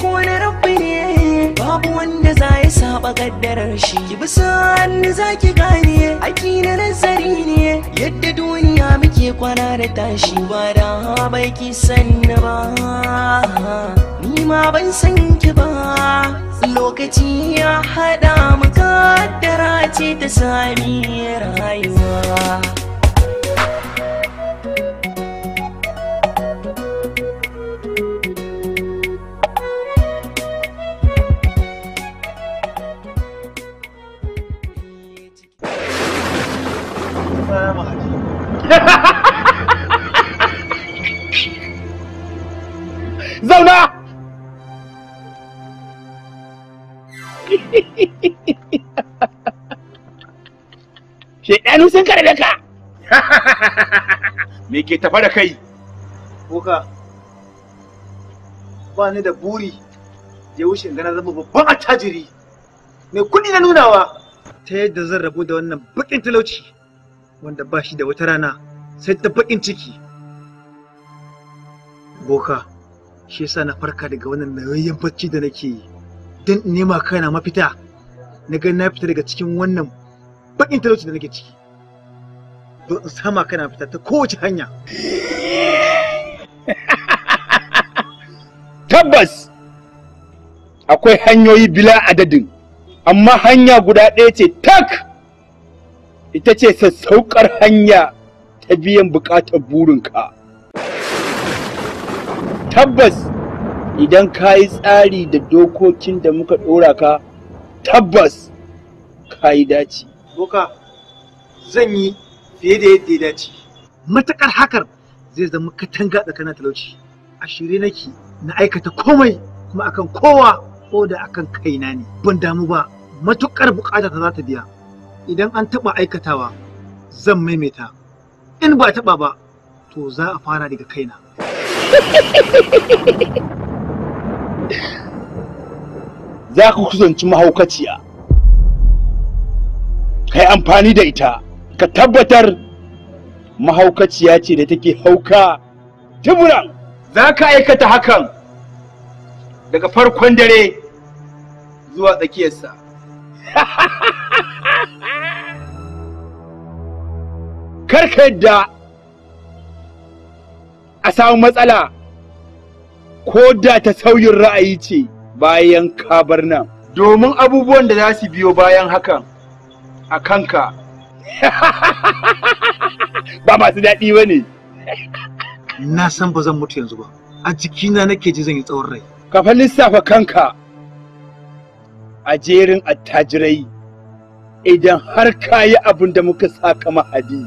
ko na rabbi ne babu wanda za ya saba kaddarar shi ki bi hannu za ki gane aki na nazari ne yadda duniya muke kwana da tashi ba da bai ki sanna ba ni ma ban san ki ba lokaci ya haɗa mu kaddara ce ta sami rayuwa zauna shaidanu sun karbe ka me ke tafa da kai boka ba ni da buri ya wuce gana zama babban attajiri Me kuɗi na nunawa ta yadda zan rabu da wannan bakin talauci wanda ba shi da wata rana sai ta baƙin ciki boka shi yasa na farka daga wannan nauyin bacci da nake yi don in nema kaina mafita na ga na fita daga cikin wannan baƙin talauci da nake ciki don in sama kana fita ta kowace hanya tabbas akwai hanyoyi bila adadin amma hanya guda ɗaya ce tak ita ce sassaukar hanya ta biyan buƙatar burinka tabbas idan ka yi tsari da dokokin da muka ɗora ka tabbas ka yi dace boka zan yi fiye da yadda ya dace matuƙar hakar zai zama katanga kana talauci a shirye nake na aikata komai kuma akan kowa ko da akan kaina ne ban damu ba matuƙar buƙata ta za ta biya idan an taɓa aikatawa zan maimaita in ba taɓa ba to za a fara daga kaina za ka kusanci mahaukaciya kai amfani da ita ka tabbatar mahaukaciya ce da take hauka tuburan za ka aikata hakan daga farkon dare zuwa tsakiyarsa karka yadda a samu matsala ko da ta sauyin ra'ayi ce bayan ka bar nan domin abubuwan da za su biyo bayan hakan a kanka ba masu daɗi ba ne na san ba zan mutu yanzu ba a jikina nake ji zan yi tsawon rai ka fa lissafa kanka a jerin attajirai idan har ka yi abin da muka saka mahadi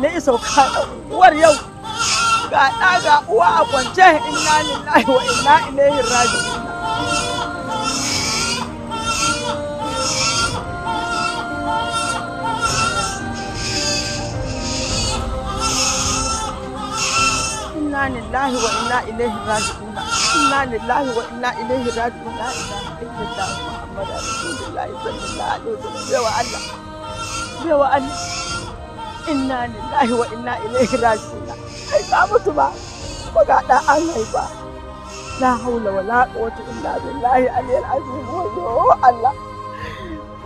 baban ne isa uwar yau ga ɗa ga uwa a kwance inna lillahi wa inna ilaihi raji'un inna lillahi wa inna ilaihi raji'un inna lillahi wa inna ilaihi raji'un la ilaha illallah muhammadur rasulullahi sallallahu alaihi wasallam wa Allah wa Allah inna lillahi wa inna ilaihi raji'un ai ka mutu ba ko ga da an haifa la haula wala quwwata illa billahi aliyal azim wayo Allah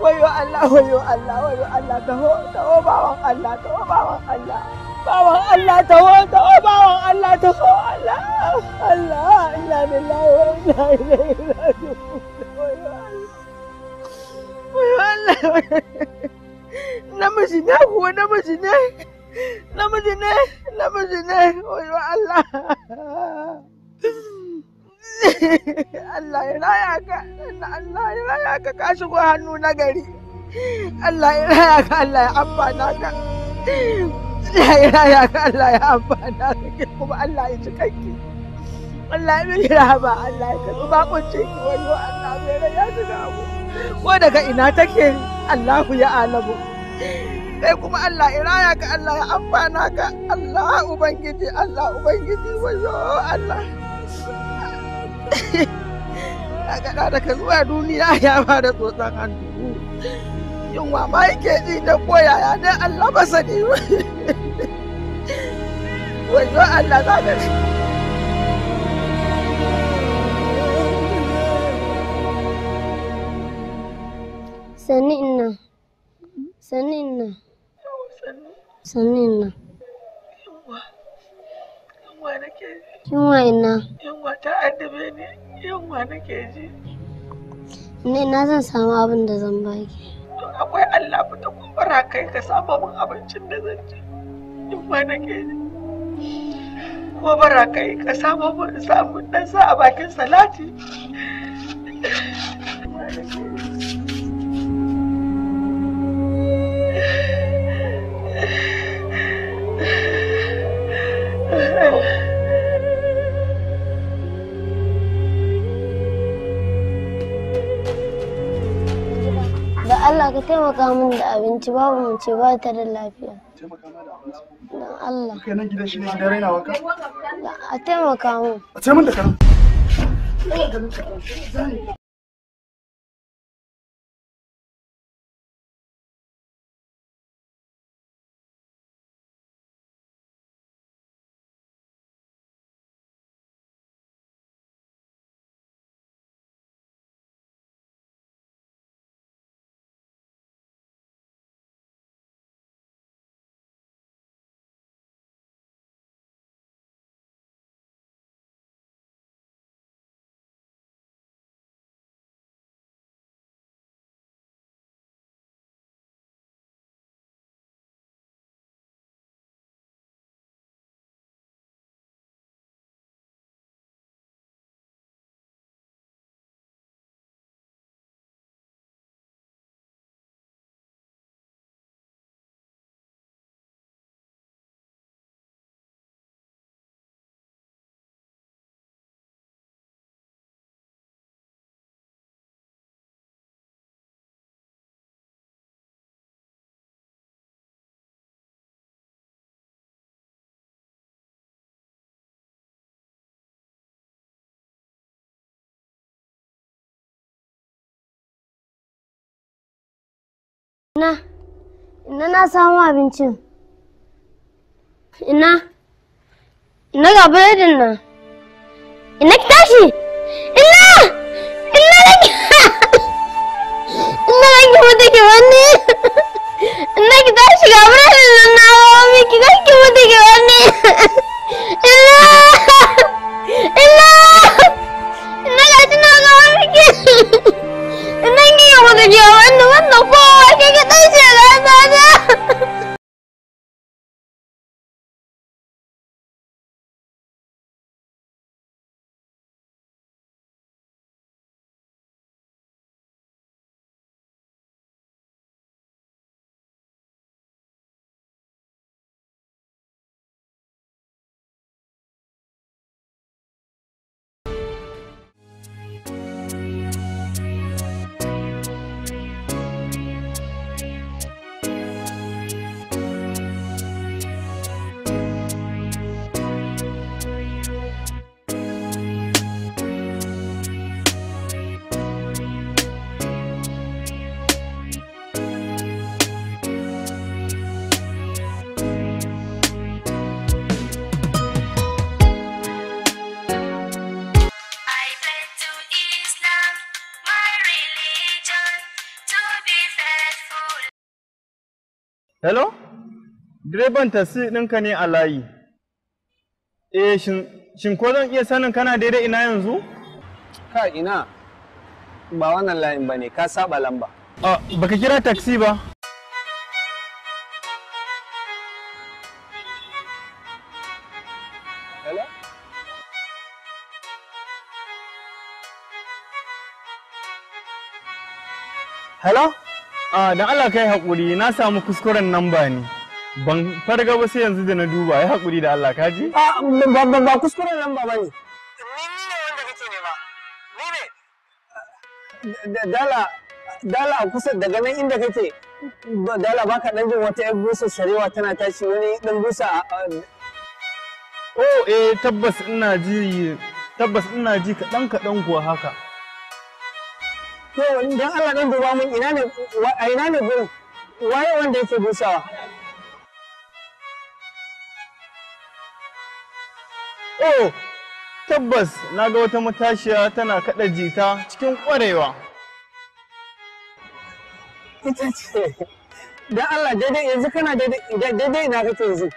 wayo Allah wayo Allah wayo Allah taho taho bawan Allah taho bawan Allah bawan Allah taho taho bawan Allah taho Allah Allah inna lillahi wa inna ilaihi raji'un wayo Allah wayo Allah namiji ne kuwa namiji ne namiji ne namiji ne oyo Allah Allah ya raya ka Allah ya raya ka ka shigo hannu na gari Allah ya raya ka Allah ya amfana ka Allah ya raya ka Allah ya amfana ka kuma Allah ya cika ki Allah ya miki rahama Allah ya ba bakunce ki wallahi Allah ya raya ki da ko daga ina take Allahu ya alamu kai kuma Allah iraya ka Allah ya amfana ka Allah ubangiji Allah ubangiji wayo Allah kaga da ka zuwa duniya ya ba da tsotsan hannu yin wa ma yake ji da koyaya ya dai Allah ba sani ba wayo Allah za ka sani ina sannin nan sannin nan na ke ji yunwa ina yunwa ta addabe ni na ke ji ne na zan samu abin da zan baki to akwai Allah ta kumbura kai ka samu min abincin da zan ci na ke ji kumbura kai ka samu min samu dan sa a bakin salati Thank you. da Allah ka taimaka min da abinci babu mu ce ba ta da lafiya. da Allah. Kai nan gidan shi ne gidan rainawa ka? A taimaka min. A ce min da kan. Eh. Ina, ina na samu abincin. Ina, ina ga biredin nan. Ina ki tashi! Ina! Ina da ki! Ina da ki mutu ki wani! Ina ki tashi ga biredin nan na mami ki ki mutu ki wani! Ina! 奶奶 Hello? Direban tasi ɗinka ne a layi. Eh, shin ko zan iya sanin kana daidai ina yanzu? Ka ina, ba wannan layin ba ne, ka saba lamba. Ah, baka kira taksi ba? Hello? Hello? a da Allah kai haƙuri na samu kuskuren nan ba ne ban farga ba sai yanzu da na duba ya haƙuri da Allah ka ji a ban ban ba kuskuren nan ba ba ne ni ni ne wanda kake ba. ni ne dala dala kusa daga nan inda kake dala baka dan jin wata yar busa sarewa, tana tashi wani dan busa oh eh tabbas ina ji tabbas ina ji kaɗan kaɗan kuwa haka to idan Allah ɗan duba mun ina ne a ina ne gurin waye wanda yake busawa. Oh, tabbas na ga wata matashiya tana kada jita cikin ƙwarewa. Ita ce, don Allah daidai yanzu kana daidai ina kake yanzu.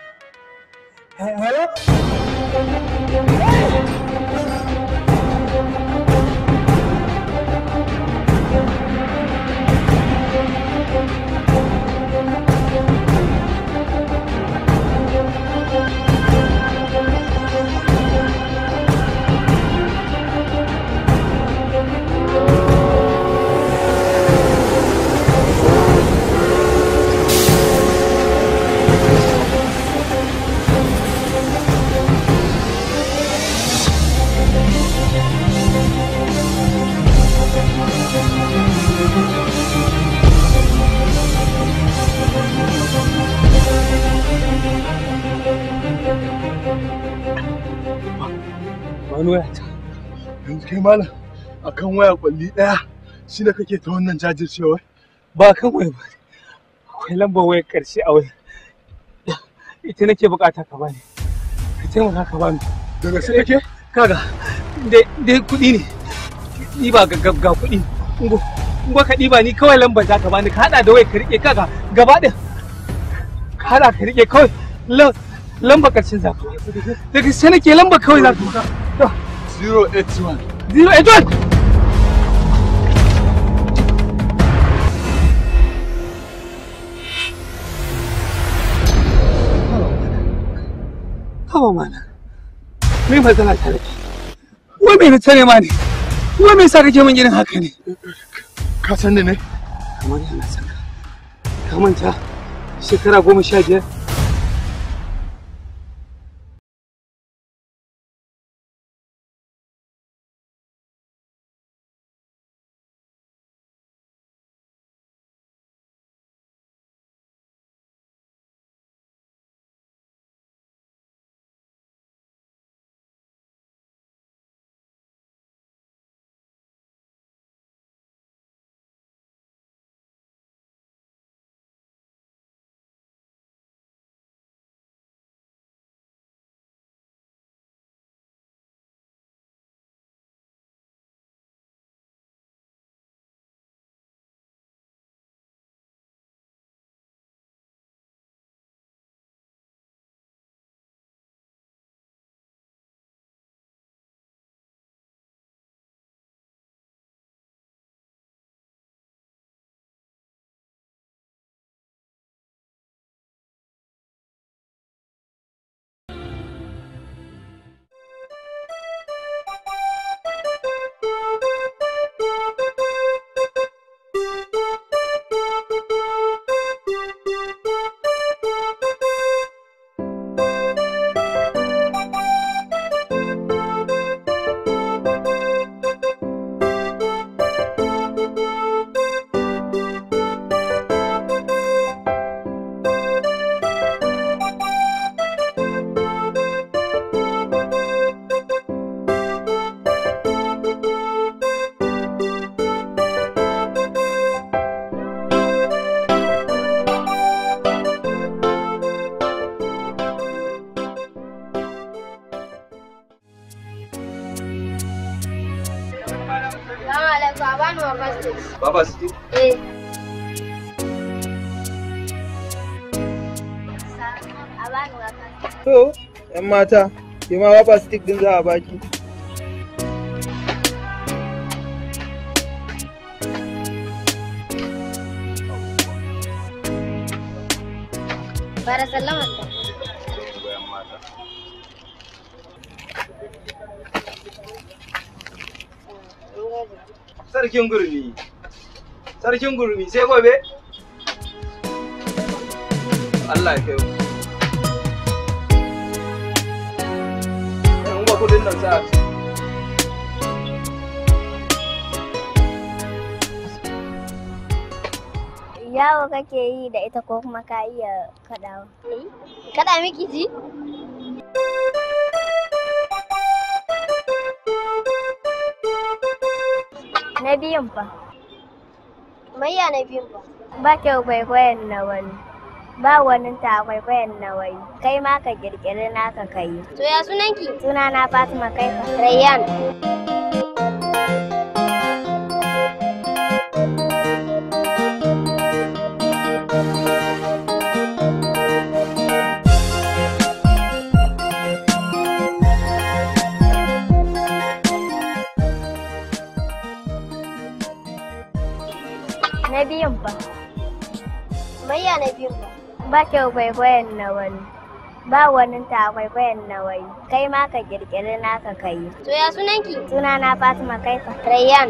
Hello? kai malam akan waya kwalli daya shi da kake ta wannan jajircewa ba kan waya ba akwai lambar waya karshe a waya ita nake bukata ka bani ka taimaka ka bani daga sai kake kaga dai kuɗi ne ni ba ga kuɗi ungo ungo ka ɗiba ni kawai lambar za ka bani ka hada da waya ka rike kaga gaba ɗin ka hada ka rike kawai lamba karshen za ka daga sai nake lamba kawai za ka 081 081 kama mana me matsala ta da wai me na tare ma ne wai me yasa kake min irin haka ne ka san ne ne kamar yana sanar. ka manta shekara goma sha biyar mata ke ma wafa stick din za a baki Para salamat. Sarkin gurmi. Sarkin gurmi sai gobe? Allah ya kai kudin nan sa yawo kake yi da ita ko kuma ka iya kaɗawa kaɗa miki ji na biyun fa mayya na biyun fa ba kyau kwaikwayon na wani ba wani ta kwaikwayon nawayi kai ma ka kirkiri naka kai to ya sunanki suna na fatima kai rayyan Na biyun fa. ba kyau kwaikwayon na wani ba wani ta kwaikwayon na wai kai ma ka kirkiri naka kai to ya sunanki suna na fatima kaifa rayyan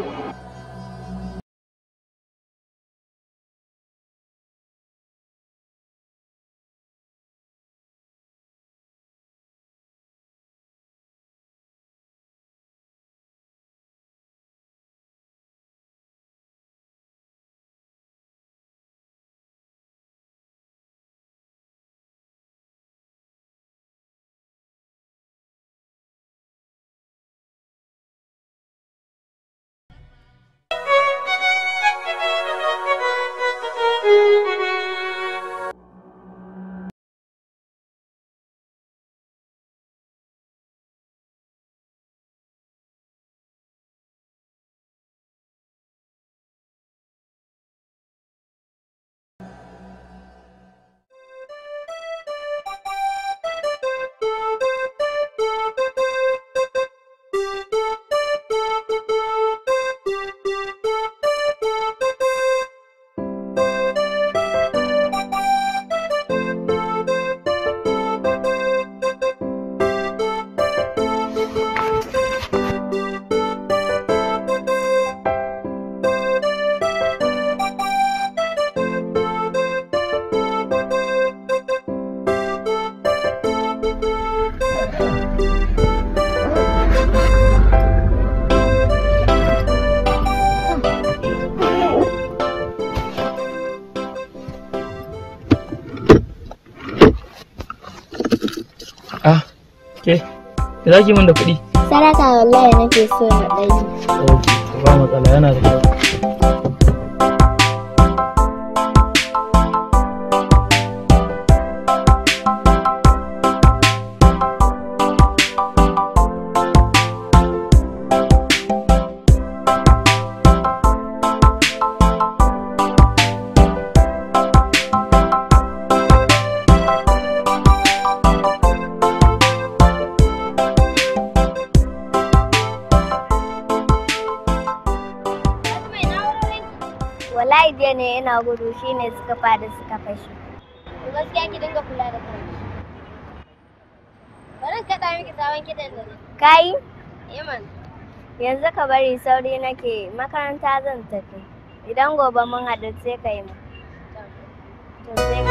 za ki min da kuɗi Sarata wallahi nake so na ɗari ok ba matsala yana da kyau shine suka fada suka fashe gaskiya ki dinga kula da kanki bari ta miki sabon kidan da kai iman eh yanzu ka bari sauri nake makaranta zan tafi idan gobe mun haɗu sai ka yi to sai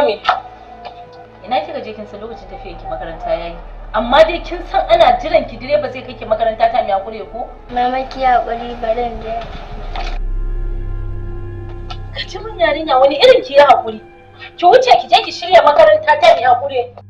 komi ina kika je kin san lokacin tafiya ki makaranta yayi amma dai kin san ana jiran ki direba zai kai ki makaranta ta mai kure ko mama ki hakuri barin je ka mun yarinya wani irin ki ya hakuri ki wuce ki je ki shirya makaranta ta mai kure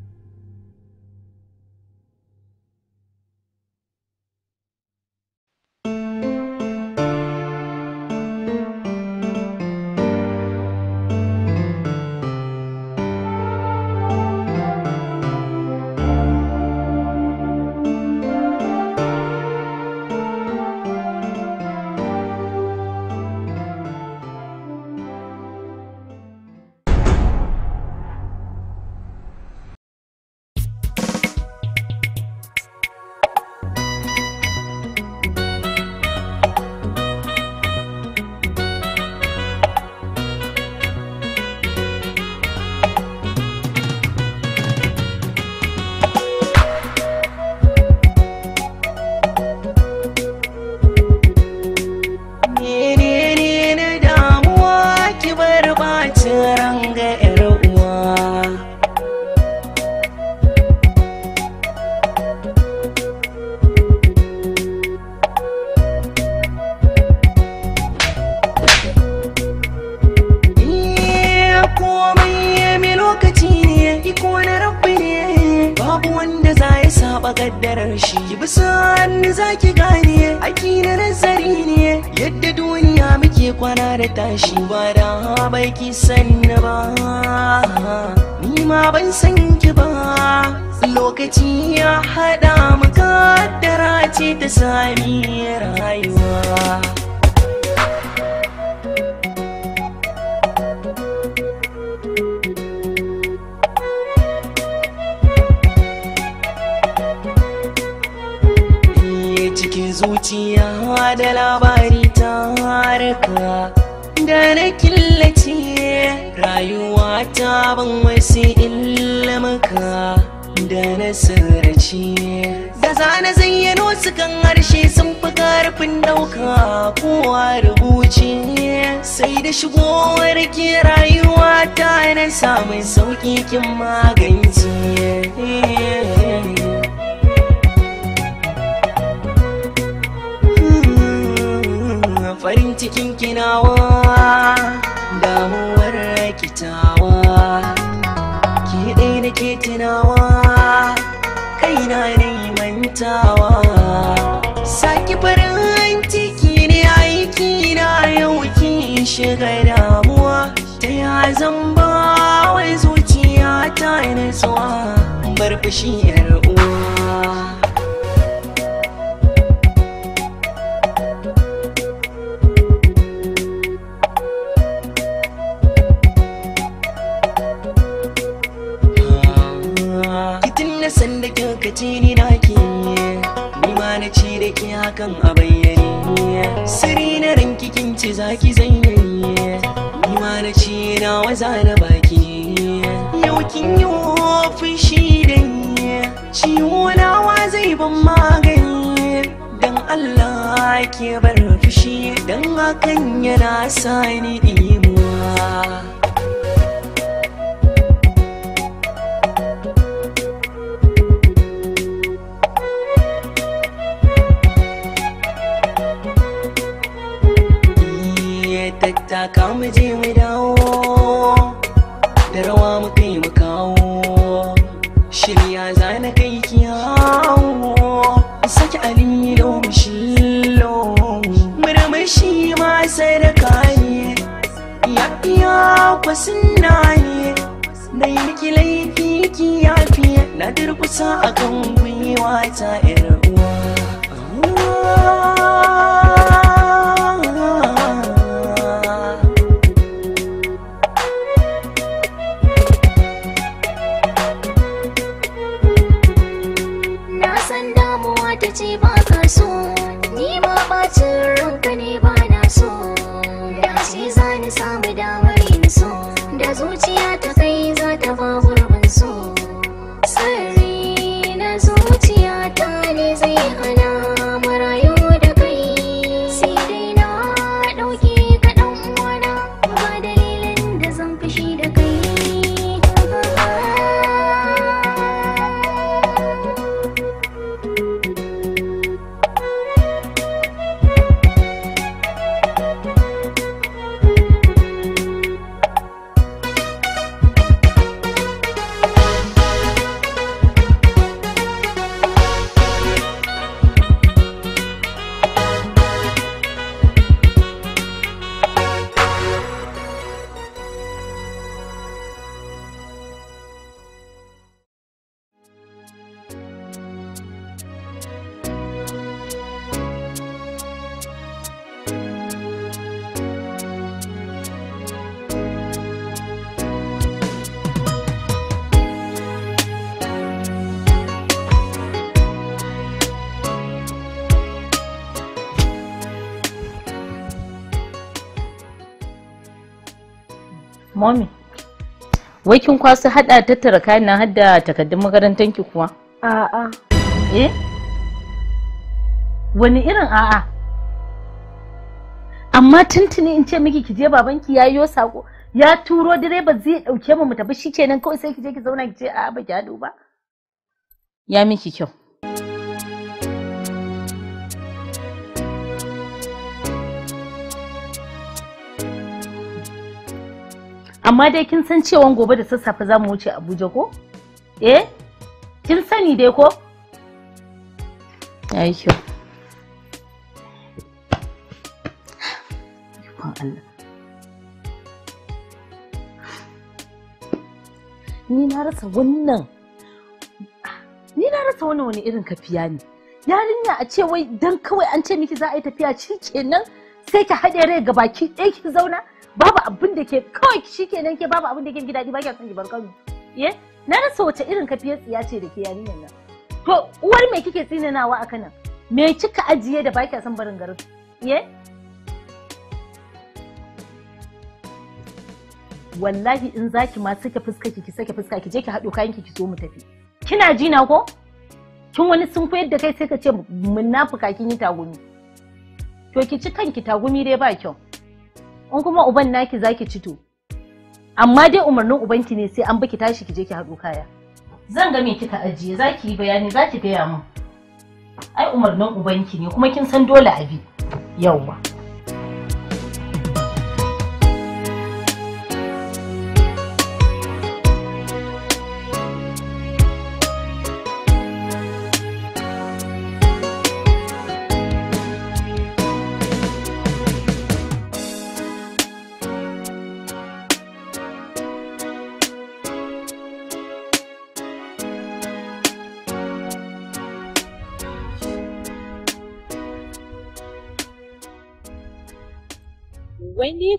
shiga damuwa ta ya zan ba wai zuciya ta nutsuwa bar fushi yar uwa sanda kika ci ni na ke ni ma na ci da ke hakan a bayyane sirri na ranki kin ce zaki zai na ci na waza na baki yau kin yi ofin shi da ciwo nawa zai ban magani Don Allah ke bar fushi dan hakan yana sani imuwa A durkusa a kan gwiwa ta uwa Na san damuwa ta ce ba ka so, ni ma bacin ranka ne ba so. Da ce za ni samu damar yin so, da zuciya ta kai za ta babu. Wai kin kwasu hada tattara kayan nan hadda takardun makarantar ki kuwa? A'a. Eh? Wani irin a'a? Amma tuntuni in ce miki ki je babanki ya yi sako ya turo direba zai dauke mu mu tafi shikenan kawai sai ki je ki zauna ki ce a'a ba ki hadu ba. Ya miki kyau. amma dai kin san cewa gobe da sassafe za mu wuce abuja ko eh kin sani dai ko ni na rasa wannan ni na rasa wannan wani irin kafiya ne yarinya a ce wai dan kawai an ce miki za a yi tafiya shi kenan sai ki haɗe rai ga baki ɗaya ki zauna babu abin da ke kawai kenan ke babu abin da ke gidaje ba kya san ki bar ye eh? na rasa wace irin kafiyar tsiya ce da ke yarinyar nan to uwar me kike tsinanawa a kanan me kika ajiye da ba kya son barin garin ye eh? wallahi in zaki ma sake fuska ki sake fuska ki je ki hado kayan ki ki so mu tafi kina ji na ko kin wani sun koyar da kai sai ka ce munafuka kin yi tagumi to ki ci kanki tagumi dai ba kyau in kuma uban naki zaki cito amma dai umarnin ubanki ne sai an baki tashi kije ki haɗo kaya zan ga me kika ajiye zaki yi bayani zaki gaya min ai umarnin ubanki ne kuma kin san dole abi yauwa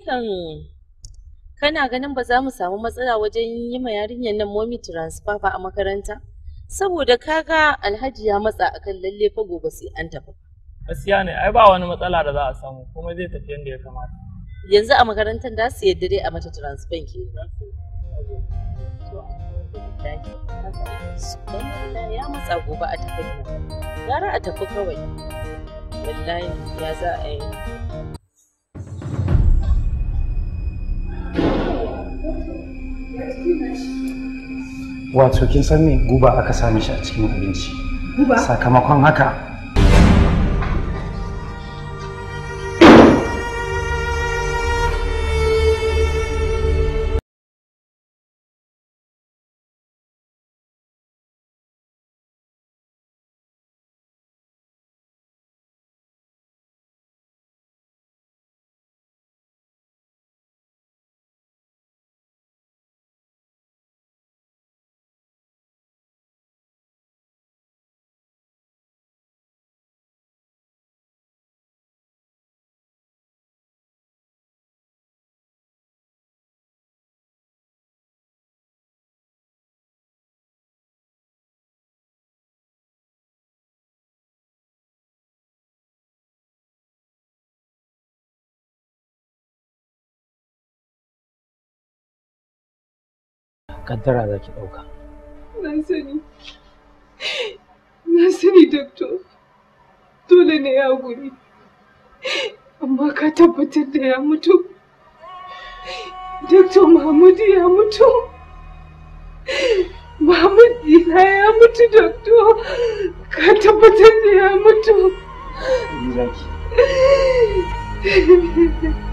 kan kana ganin ba za mu samu matsala wajen yi ma yarinyar nan momi transfer ba a makaranta saboda kaga alhaji ya matsa akan lalle fa gobe sai an tafi gaskiya ne ai ba wani matsala da za a samu kuma zai tafi yadda ya kamata yanzu a makarantar da su yadda dai a mata transfer ke ya matsa gobe a tafi gara a tafi kawai wallahi ya za a yi wato kin san me guba aka sami shi a cikin abinci sakamakon haka kaddara za ki ɗauka. Na sani, na sani doctor, dole ne ya guri, amma ka tabbatar da ya mutu. Doctor Mahmudu ya mutu. Mahmud ina ya mutu doctor, ka tabbatar da ya mutu. Ni zaki.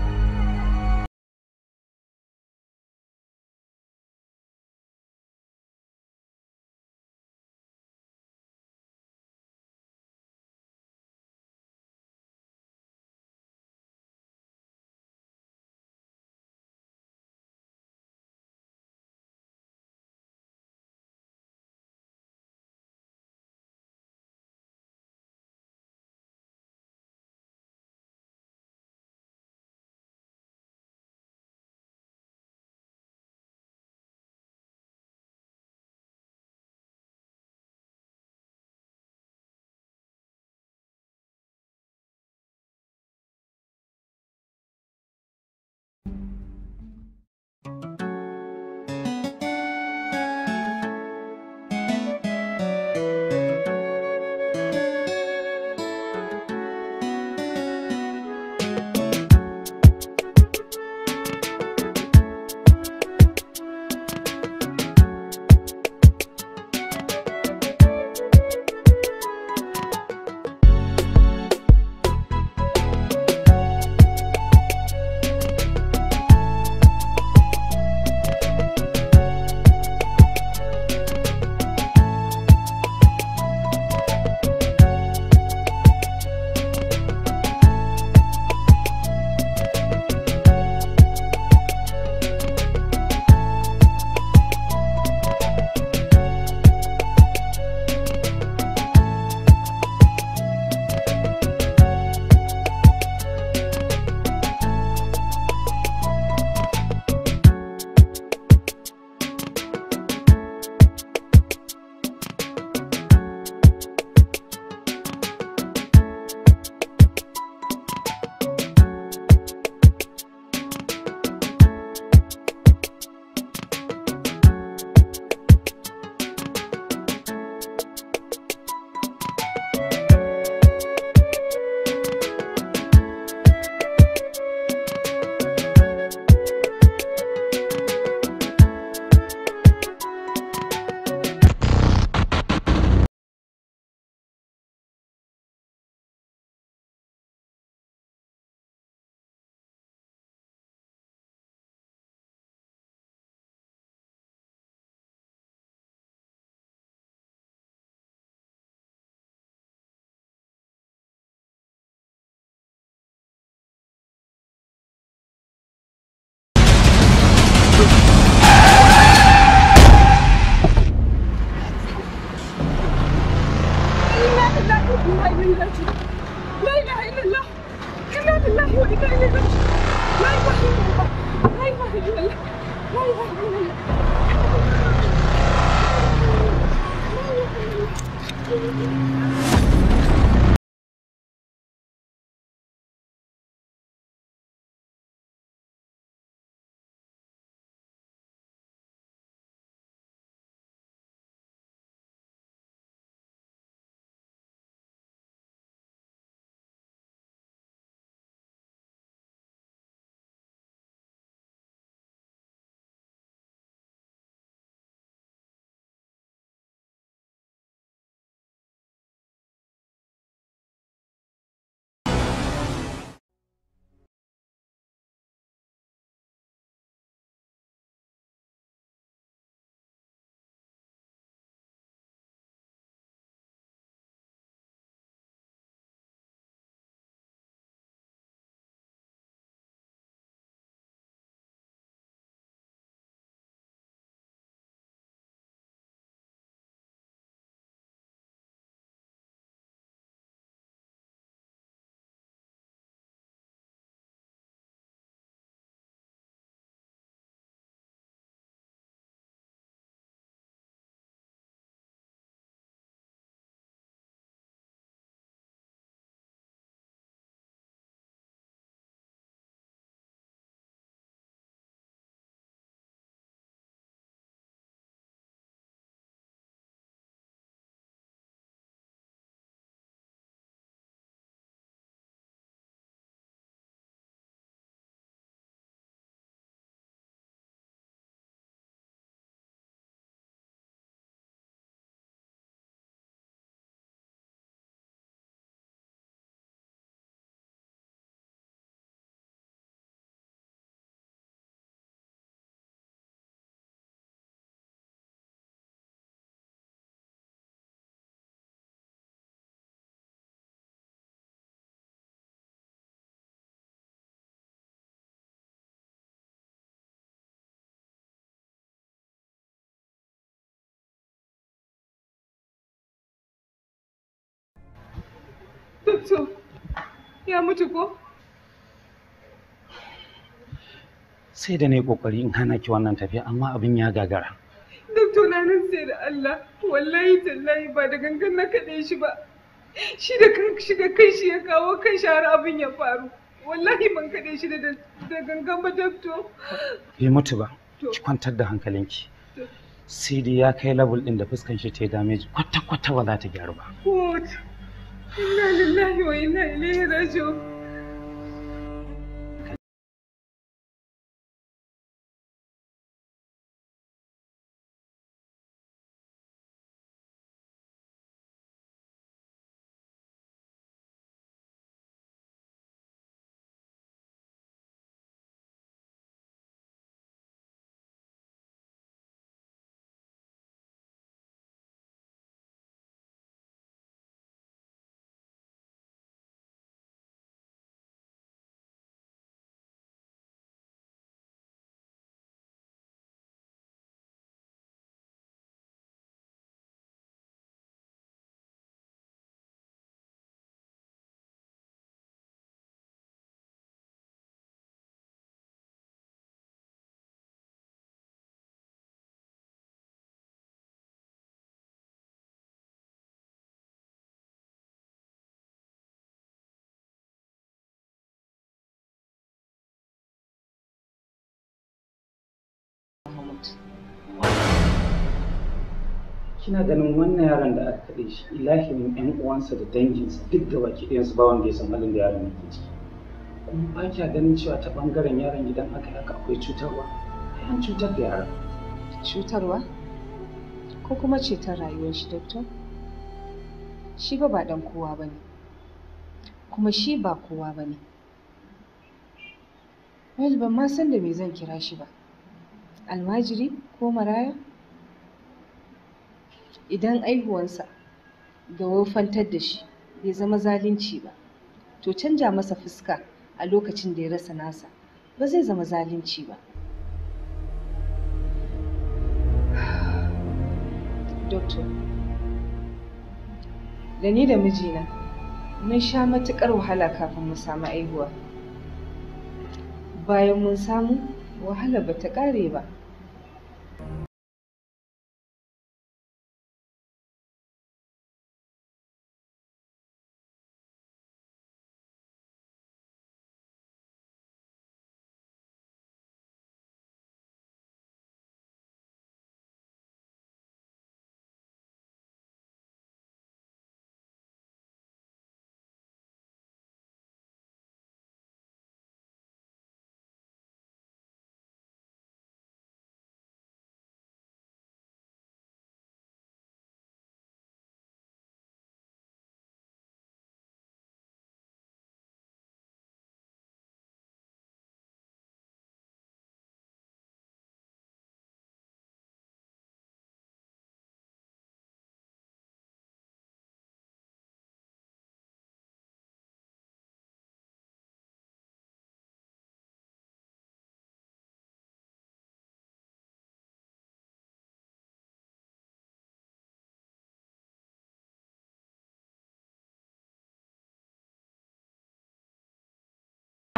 mutu ya mutu ko sai da na yi kokari in hana ki wannan tafiya amma abin ya gagara dokto na nan sai da Allah wallahi tallahi ba da gangan na kaɗe shi ba shi da kan shiga kai shi ya kawo kan shi har abin ya faru wallahi ban kaɗe shi da da gangan ba dokto bai mutu ba ki kwantar da hankalinki sai dai ya kai labul din da fuskan shi ta yi damage kwata-kwata ba za ta gyaru ba إنا لله وإنا إليه راجعون kina ganin wannan yaron da aka kaɗe shi ilahin yan uwansa da danginsa duk da baki ɗayansu ba wanda ya san halin da yaron yake ciki kuma ba kya ganin cewa ta ɓangaren yaron idan aka haka akwai cutarwa ai an cutar da yaron cutarwa ko kuma cetar rayuwar shi doctor shi ba ba ɗan kowa ba ne kuma shi ba kowa ba ne Well, ban ma san da me zan kira shi ba. Almajiri ko maraya? idan aihuwansa ga wofantar da shi bai zama zalunci ba to canja masa fuska a lokacin da ya rasa nasa ba zai zama zalunci ba doctor da ni da mijina mun sha matuƙar wahala kafin mu samu aihuwa bayan mun samu wahala bata ta ƙare ba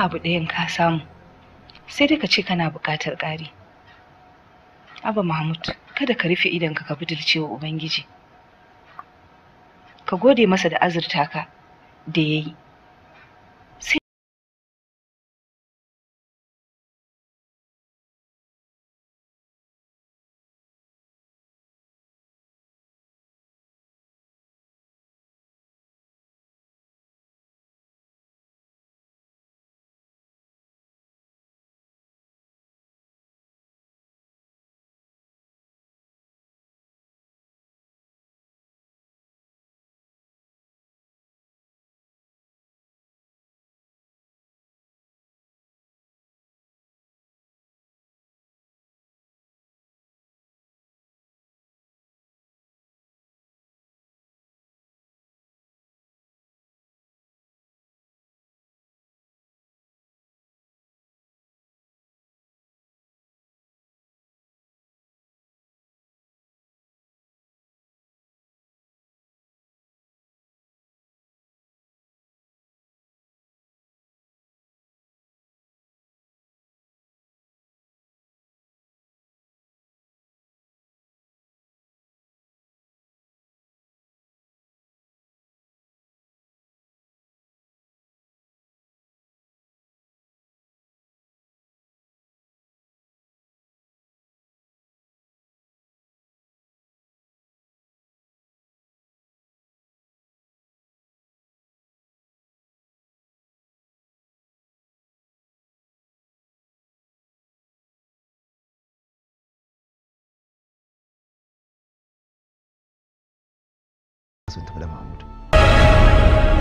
abu ɗayan ka samu sai dai ka ce kana buƙatar ƙari Abba mahmud kada ka rufe idonka ka budurce wa ubangiji ka gode masa da azurta ka da ya yi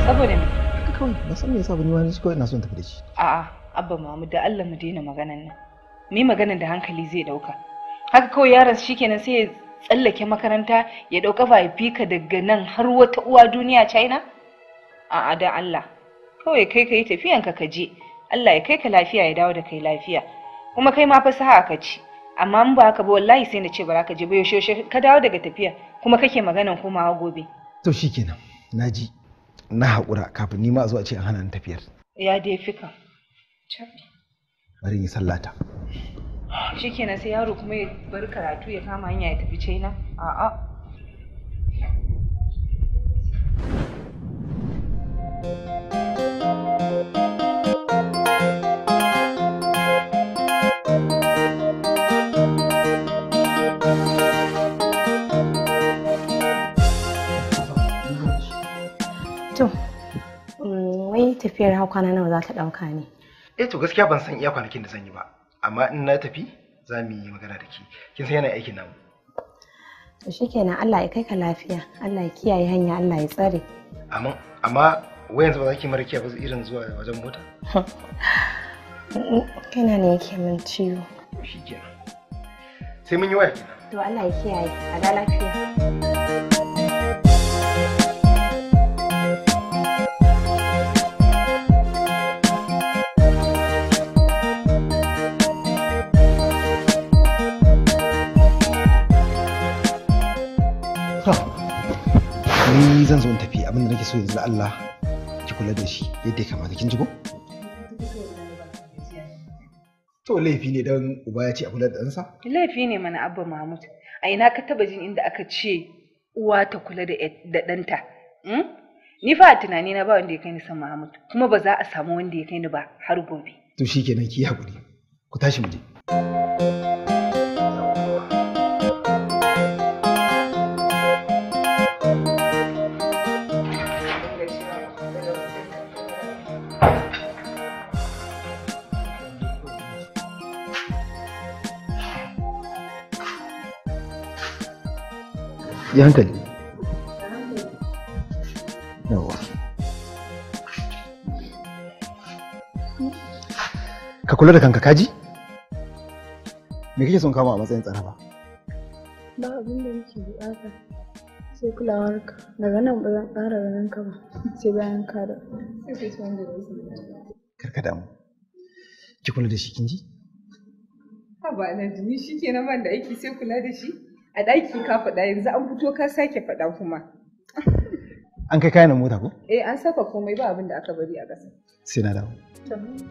saboda me kawai na san me yasa ba ni wani kawai ina son tafi da shi a'a abba mamu da Allah mu daina maganan nan ni maganan da hankali zai dauka haka kawai yaron shikenan sai ya tsallake makaranta ya dauka fika daga nan har wata uwa duniya China a'a da Allah kawai kai kai tafiyanka ka je Allah ya kai ka lafiya ya dawo da kai lafiya kuma kai ma fasaha ka ci amma in ba haka ba wallahi sai na ce ba za je ba yaushe ka dawo daga tafiya kuma kake maganan komawa gobe to shikenan naji na haƙura kafin ni ma zuwa ce an hana ni tafiyar ya dai fika bari yi sallata shikenan sai yaro kuma ya bar karatu ya kama hanya ya tafi china a'a thank you tafiyar hau kwana nawa za ta ɗauka ne? Eh to gaskiya ban san iya kwanakin da zan yi ba, amma in na tafi za mu yi magana da ke. Kin san yana aikin namu. To shikenan Allah ya kai ka lafiya, Allah ya kiyaye hanya, Allah ya tsare. Amma amma wai yanzu ba za ki mara kiyaye ba irin zuwa wajen mota? Kana ne yake min ciwo. Shikenan. Sai mun yi waya kenan. To Allah ya kiyaye, a da lafiya. ni zan zo in tafi abin da nake so yanzu Allah ki kula da shi yadda ya kamata kin ji ko to laifi ne dan uba ya ce a kula da ɗansa laifi ne mana abba mahmud a ina ka taba jin inda aka ce uwa ta kula da ɗanta hmm? ni fa a tunani na ba wanda ya kai ni san mahmud kuma ba za a samu wanda ya kai ni ba har gobe to shikenan ki hakuri ku tashi mu je yi hankali yawa ka kula da kanka kaji me kike son kama a matsayin tsaraba ba abin da nake bukata sai kulawar ka, daga nan ba zan ƙara ganin ka ba sai bayan ka da karka damu ki kula da shi kin ji ba na jini shi kenan ban da aiki sai kula da shi a ɗaki ka faɗa yanzu an fito ka sake faɗa kuma an kai kayan mota ko eh an saka komai ba abin da aka bari a ƙasa sai na dawo amin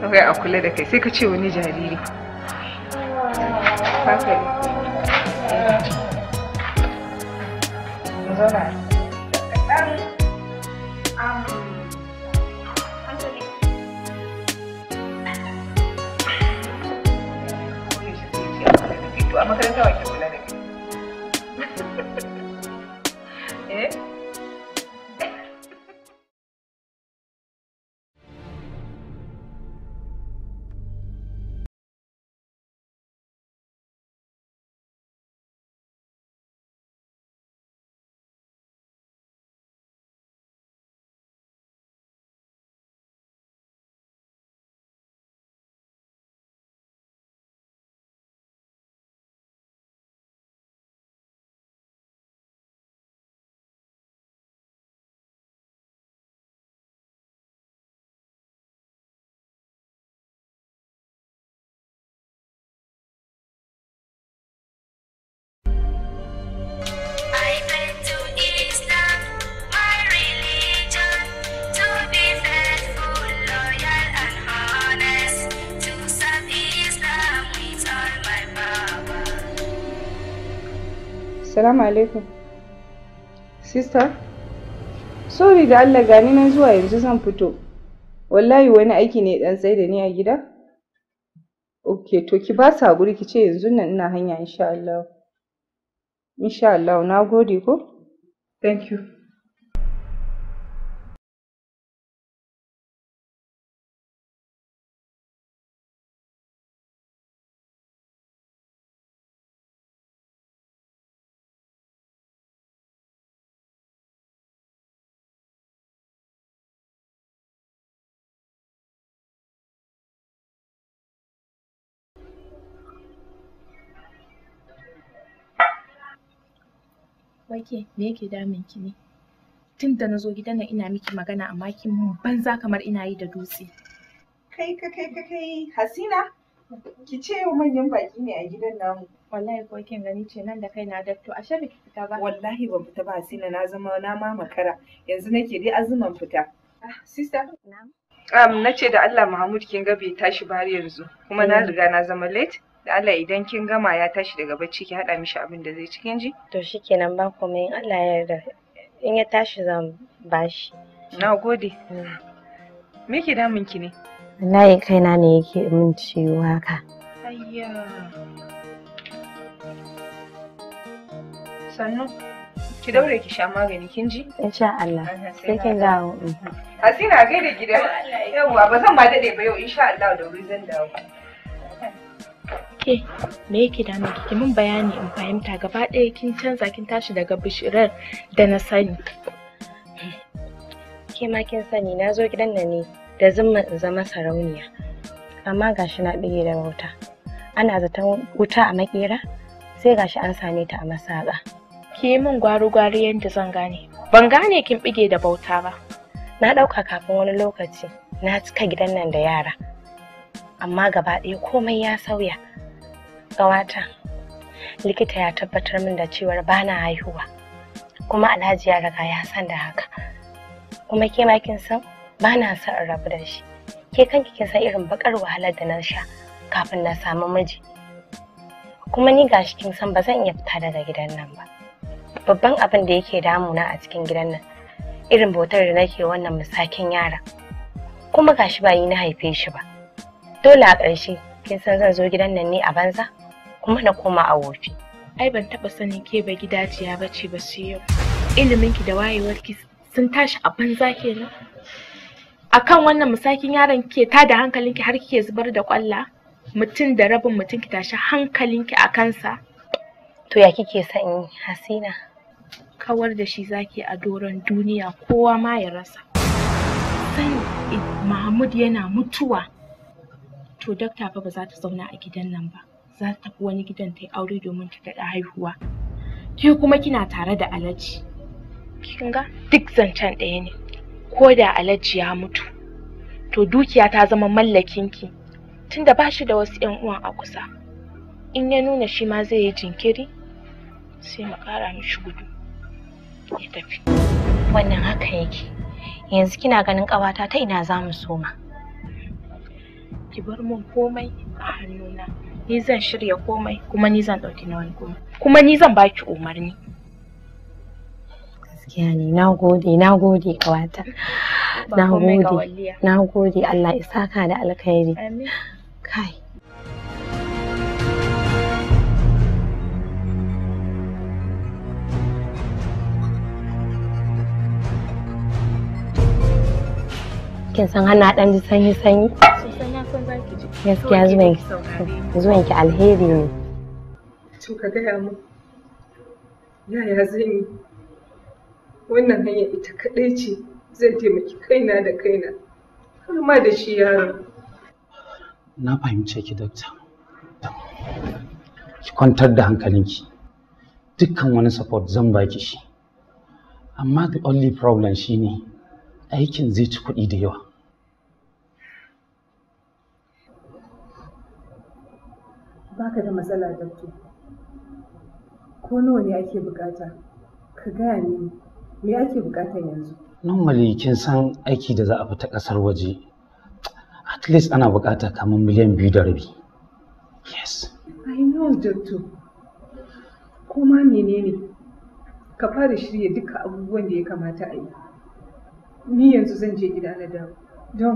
kawai a kula da kai sai ka ce wani jariri 我们再看。Assalamu alaikum. Sister? Sorry da Allah gani nan zuwa yanzu zan fito. Wallahi wani aiki ne dan sai da ni a gida. Okay, to ki ba sa haƙuri ki ce yanzu nan ina hanya insha Allah. Insha Allah, na gode ko? Thank you. wake me yake damun ki ne tun da na zo gidan nan ina miki magana amma kin mun banza kamar ina yi da dutse kai ka kai ka kai hasina ki ce yau manyan baki ne a gidan namu wallahi ko kin gani ce nan da kai na dakto a sharri ki fita ba wallahi ban fita ba hasina na zama na ma makara yanzu nake dai azuman fita ah sister na'am um, na ce da Allah Muhammad kin ga bai tashi ba yanzu kuma na eh. riga na zama late da Allah idan kin gama ya tashi daga bacci ki haɗa mishi abin da zai ci kin ji to kenan ban komai in Allah ya yarda in ya tashi zan bashi na gode me ke damun ki ne wallahi kaina ne yake min ciwo haka ayya sannu ki daure ki sha magani kin ji insha Allah sai kin dawo hasina gaida gida yawa ba zan ma dade ba yau insha Allah da wuri zan dawo ke me yake damun ki ki mun bayani in fahimta gaba ɗaya kin canza kin tashi daga bishirar da na sani ke ma kin sani na zo gidan nan ne da zumma in zama sarauniya amma gashi na ɗige da wuta ana zaton wuta a makera sai gashi an same ta a masaka ki yi min gwari-gwari yadda zan gane ban gane kin bige da bauta ba na ɗauka kafin wani lokaci na cika gidan nan da yara amma gaba ɗaya komai ya sauya Gawata, likita ya tabbatar min da cewar bana haihuwa, kuma Alhaji ya riga ya san da haka. Kuma ke ma kin san bana sa in rabu da shi. Ke kanki kin san irin bakar wahalar da na sha kafin na samu miji. Kuma ni gashi kin san ba zan iya fita daga gidan nan ba. Babban abin da yake damuna a cikin gidan nan irin bautar da nake wannan musakin yara. Kuma gashi ba ni na haife shi ba. Dole a ƙarshe kin san zan zo gidan nan ne a banza? kuma na koma a wofi ai ban taba sanin ke ba gidajiya ba ce ba yau iliminki da wayewarki sun tashi a banza kenan akan wannan musakin yaron ke tada hankalinki har kike zubar da kwalla mutum da rabin mutum ki tashi hankalinki a kansa to ya kike son hasina kawar da shi zaki a doron duniya kowa ma ya rasa sani mahmud yana mutuwa to dakta fa ba za ta zauna a gidan nan ba za ta tafi wani gidan ta yi aure domin ta daɗa haihuwa ke kuma kina tare da alaji kin ga duk zancen ɗaya ne ko da alaji ya mutu to dukiya ta zama mallakin ki. tunda ba shi da wasu 'yan uwan a kusa in ya nuna shi ma zai yi jinkiri sai mu ƙara mishi gudu ya tafi wannan haka yake yanzu kina ganin ƙawata ta ina za mu soma ki bar mun komai a hannuna ni zan shirya komai kuma ni zan dauki nauyin kuma kuma ni zan baki umarni gaskiya ne na gode na gode kawata na gode na gode Allah ya saka da alkhairi kai kin san hana dan ji sanyi sanyi gaskiya zuwan ki alheri ne to ka gaya mu yaya zan yi wannan hanya ita kaɗai ce zai taimaki kaina da kaina har ma da shi yaron na fahimce ki dokta ki kwantar da hankalinki dukkan wani support zan baki shi amma the only problem shine aikin zai ci kuɗi da yawa baka da matsala doctor ko nawa ne ake bukata ka gaya ni me ake bukata yanzu nan mali kin san aiki da za a fita kasar waje at least ana bukata kamar miliyan biyu da rabi yes i know doctor kuma menene ka fara shirya duka abubuwan da ya kamata a yi ni yanzu zan je gida na dawo don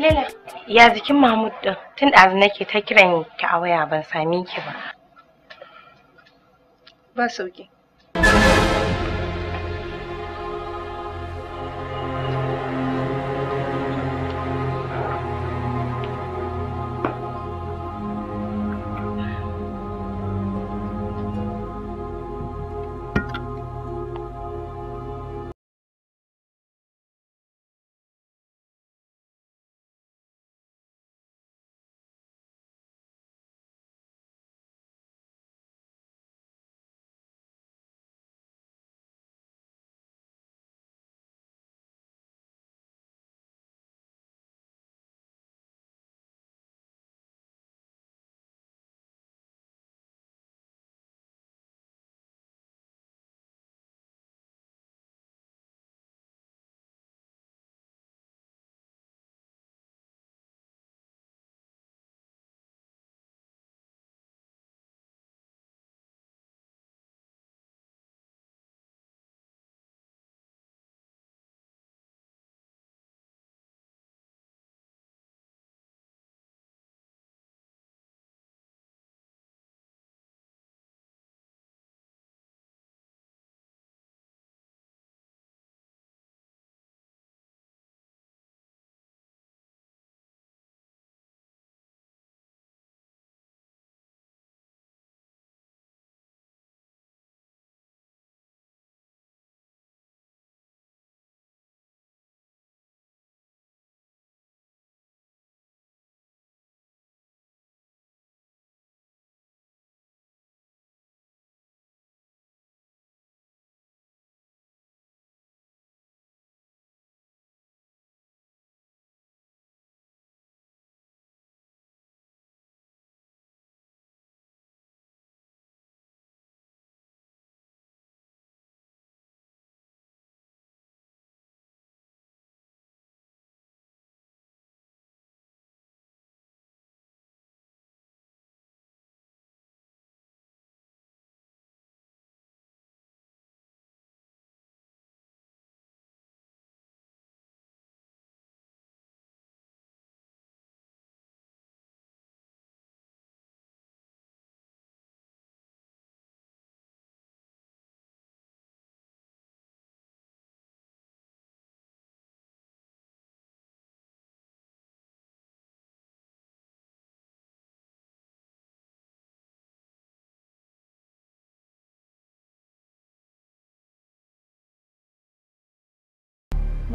Sulela, ya jikin Mahmud din tun da nake ta kiran ki a waya ban same ki ba. Ba sauki.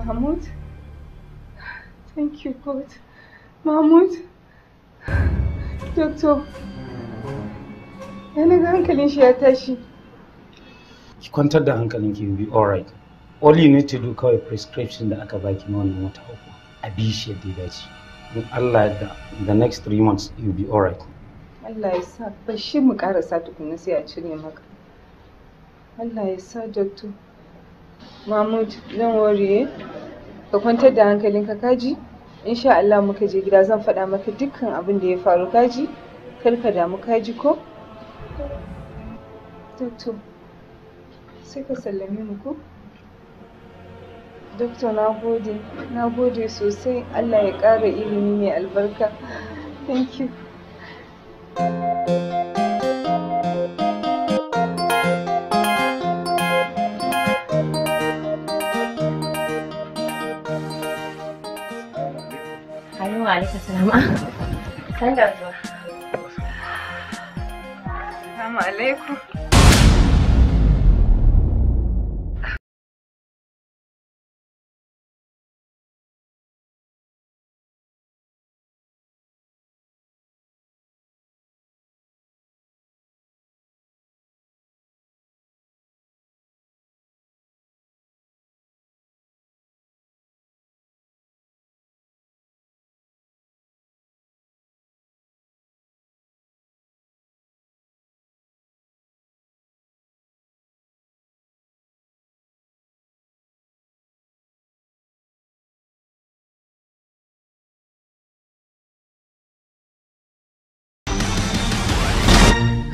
Mahmut. Thank you, God. Mahmut. Doctor. Yana ga hankalin shi ya tashi. Ki kwantar da hankalin ki you be all right. All you need to do kawai prescription da aka baki na wannan wata uku. A bi shi yadda ya dace. In Allah da the next three months you be all right. Allah ya sa bashi mu karasa tukunna sai a cire maka. Allah ya sa doctor. Mahmud zan ware ka kwantar da hankalinka kaji insha Allah muka je gida zan faɗa maka dukkan abin da ya faru kaji kar ka damu kaji ko to sai ka sallame mu ko Dokta na gode, na gode sosai Allah ya ƙara ilimi mai albarka. Thank you. Salama. Sanda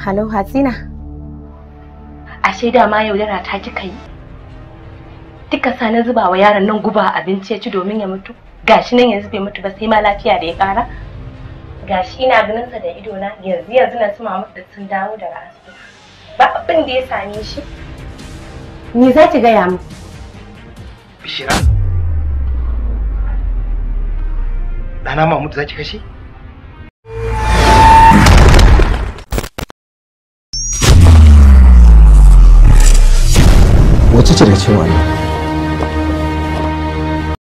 Halau Hasina. Ashe da ma yaudara ta kika yi. Duka sa na zuba wa yaron nan guba abinci ya ci domin ya mutu. Gashi nan yanzu bai mutu ba sai ma lafiya da ya kara? Gashi ina ganin sa da ido na yanzu yanzu na su mamu da sun dawo daga asibiti. Ba abin da ya same shi. Ni za ki gaya mu? Bishira. Dana Mahmud za ki kashe? 我直接来亲我你。